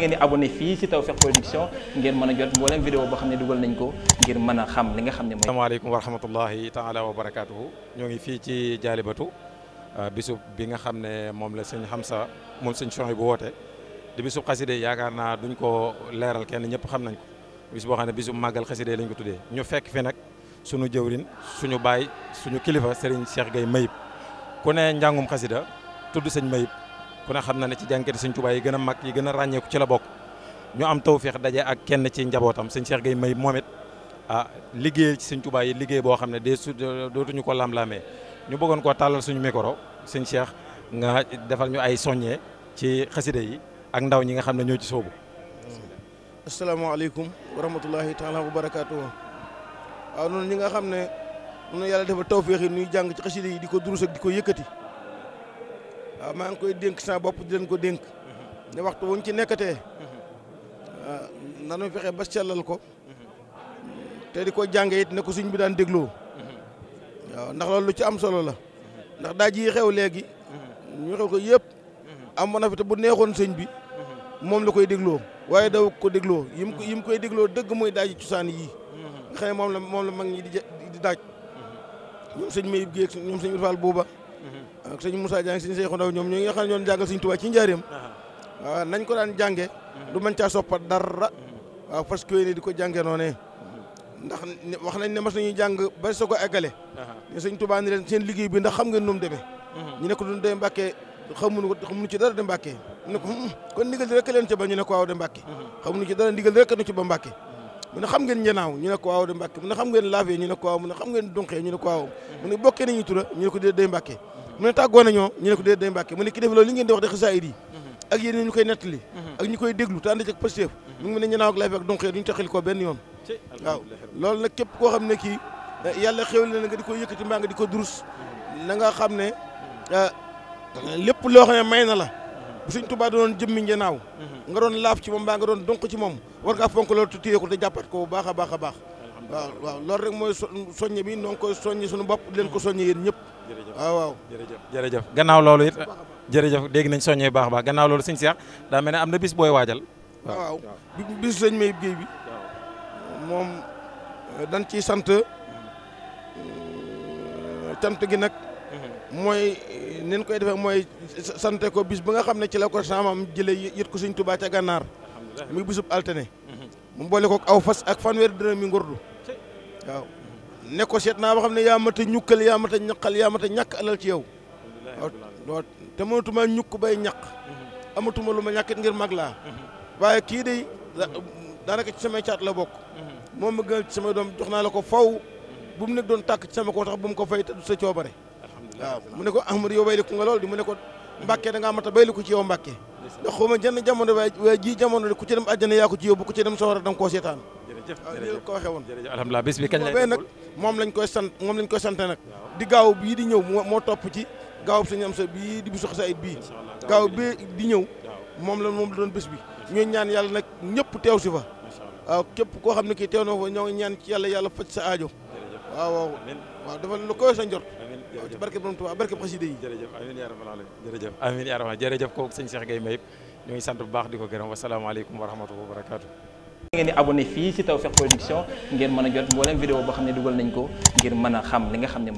ngeen di abonné fii ci Tawfekh Production ngeen mën a jot mboolem vidéo boo xam ne dugal nañ ko ngir mën a xam li nga xam ne mooy. asalaamaaleykum wa rahmatullahi taala wa barakaatuhu ñoo ngi fii ci jaalibatu euh, bisub bi nga xam ne moom la xam Hamza moom sëñ Soxi bu woote di bisub xaside yaakaar naa duñ ko leeral kenn ñëpp xam nañ ko bis boo xam ne bisub màggal xaside lañ ko tuddee ñu fekk fi nag suñu jëwrin suñu baay suñu kilifa Serigne Cheikh gay Mayib ku ne njàngum xasida tudd sëñ Mayib ku ne xam na ne ci jànkati sëñ Tuubaa yi gën a mag yi gën a ràññeeku ci la bokk ñu am tawféex daje ak kenn ci njabootam sëñ Cheikh gay may moom it ah liggéey ci sëñ Tuubaa yi liggéey boo xam ne de su dootuñu ko lam-lamee ñu bëggoon koo tàllal suñu micro sëñ Cheikh nga defal ñu ay soññee ci xasida yi ak ndaw ñi nga xam ne ñoo ci soobu asalaamaaleykum wa rahmatullahi taala wa barakaatuhu waaw noonu ñi nga xam ne noonu yàlla dafa tawféex yi nuy jàng ci xasida yi di ko durus ak di ko yëkkati waaw maa ngi koy dénk sa bopp di leen ko dénk ne waxtu wuñ ci nekkatee nanu fexe ba sellal ko te di ko jànge it ne ko suñ bi daan dégloo waaw ndax loolu lu ci am solo la ndax daa ji xew léegi ñu xew ko yëpp am na fi bu neexoon sëñ bi moom la koy dégloo waaye daw ko dégloo yim ko yim koy dégloo dëgg mooy daaji cosaan yii nga xam moom la mag ñi di daaj ñoom sëñ Mayib Géeg ñoom sëñ Fall Bouba ak sëñ Moussa Diagne sëñ Seexu Ndaw ñoom ñoo nga xam ne ñoon jàngal sëñ Tuubaa ci njaareem uh-huh. waaw nañ ko daan jànge uh-huh. du mën caa soppat dara uh-huh. waaw parce que ni di ko jànge noonu ndax wax nañ ne mas nañuy jàng ba soo ko eggale ñu sëñ Tuubaa ni leen seen liggéey bi ndax xam ngeen nu mu demee ñu ne ko duñ dee Mbàkke xamuñu ko xamuñu ci dara de Mbàkke ñu ne ko kon ndigal di rek leen ca ba ñu ne ko waaw de Mbàkke xamuñu ci dara ndigal di rek nu ci ba Mbàkke mu ne xam ngeen njanaaw ñu ne ko waaw de ne xam ngeen laafee ñu ne ko waaw mu ne xam ngeen dunqee ñu ne ko waaw mu ne bokkee nañu tura ñu ne ko déet day Mbàkke mu ne tàggoo nañoo ñu ne ko day Mbàkke mu ne ki def loolu li ngeen di wax de xasaayid yi ak yéen ñu koy nettali mhm. ak ñu koy déglu te ànd ci ak Pastef mhm. mu ngi mel ne njanaaw ak laafee ko benn yoon loolu nag képp koo xam ne kii eh, yàlla xéwal na nga di ko yëkkati mbaa nga di ko durus mhm. na nga xam ne eh, lépp loo xam ne may na la bu suñ tubaa doon jëmmi njanaaw nga doon laaf ci moom mbaa nga doon donk ci moom war ngaa fonk loolu te téye ko te jàppat ko baax a baax a baax waaw loolu rek mooy soññe bi noo ngi koy soññi suñu bopp leen ko soññe yéen ñëpp waaw waaw jërëjëf jërëjëf gannaaw loolu it jërëjëf dégg nañ soññe a baax gannaaw loolu sëñ Cheikh daa mel ne am na bis booy waajal waaw bis sëñ may géey bi moom dañ ci sant euh, cant gi nag mhm. mooy nin koy defee mooy sante ko bis ba nga xam ne ci la ko saamam jëlee yët ko Sëñ Tuubaa ca gànnaar muy bisub altine mu boole ko aw fas ak fanweer dërëm mi ngurdu waaw ne seet naa ba xam ne yaa mat a ñukkal yaa mat a ñàkk alal ci yow waaw te mënatuma ñukk bay ñaq uhuh. amatuma lu ma ñàkkit ngir mag laa uhuh. waaye kii day daanaka ci samay caat la bokk uhuh. moom ma gënal ci sama doom jox naa la ko faw bu nekk doon tàkk ci sama ko tax bu ko fay te du sa coobare waaw mu ne ko ahmad yow bayliku nga lool di mu ne ko mbàkke da ngaa mat a bayliku ci yow mbàkke ndax xaw ma jënn jamono waaye ji jamono ku ci dem àjjana yaa ko ci yóbbu ku ci dem sawara da nga di gaaw bii di ñëw moo topp ci sa bii di bi di ñëw moom la moom la doon bés bi ñooy ñaan yàlla nag ñëpp teew si fa waaw képp koo xam ne kii teew na fa ñoo ngi ñaan ci yàlla yàlla faj sa aajo waaw waaw waaw dafa lu koy sa njort ci barke borom Tuubaa barke xasida yi jërëjëf amiin yaa rabbal aalamiin jërëjëf amiin kooku sëñ Cheikh Gueye Mbaye ñu ngi sant bu baax di ko gërëm wasalaamaaleykum wa rahmatullahi wa barakaatu ngeen di abonné fii ci Tawfekh Production ngeen mën a jot mboolem vidéo boo xam ne dugal nañ ko ngir mën a xam li nga xam ne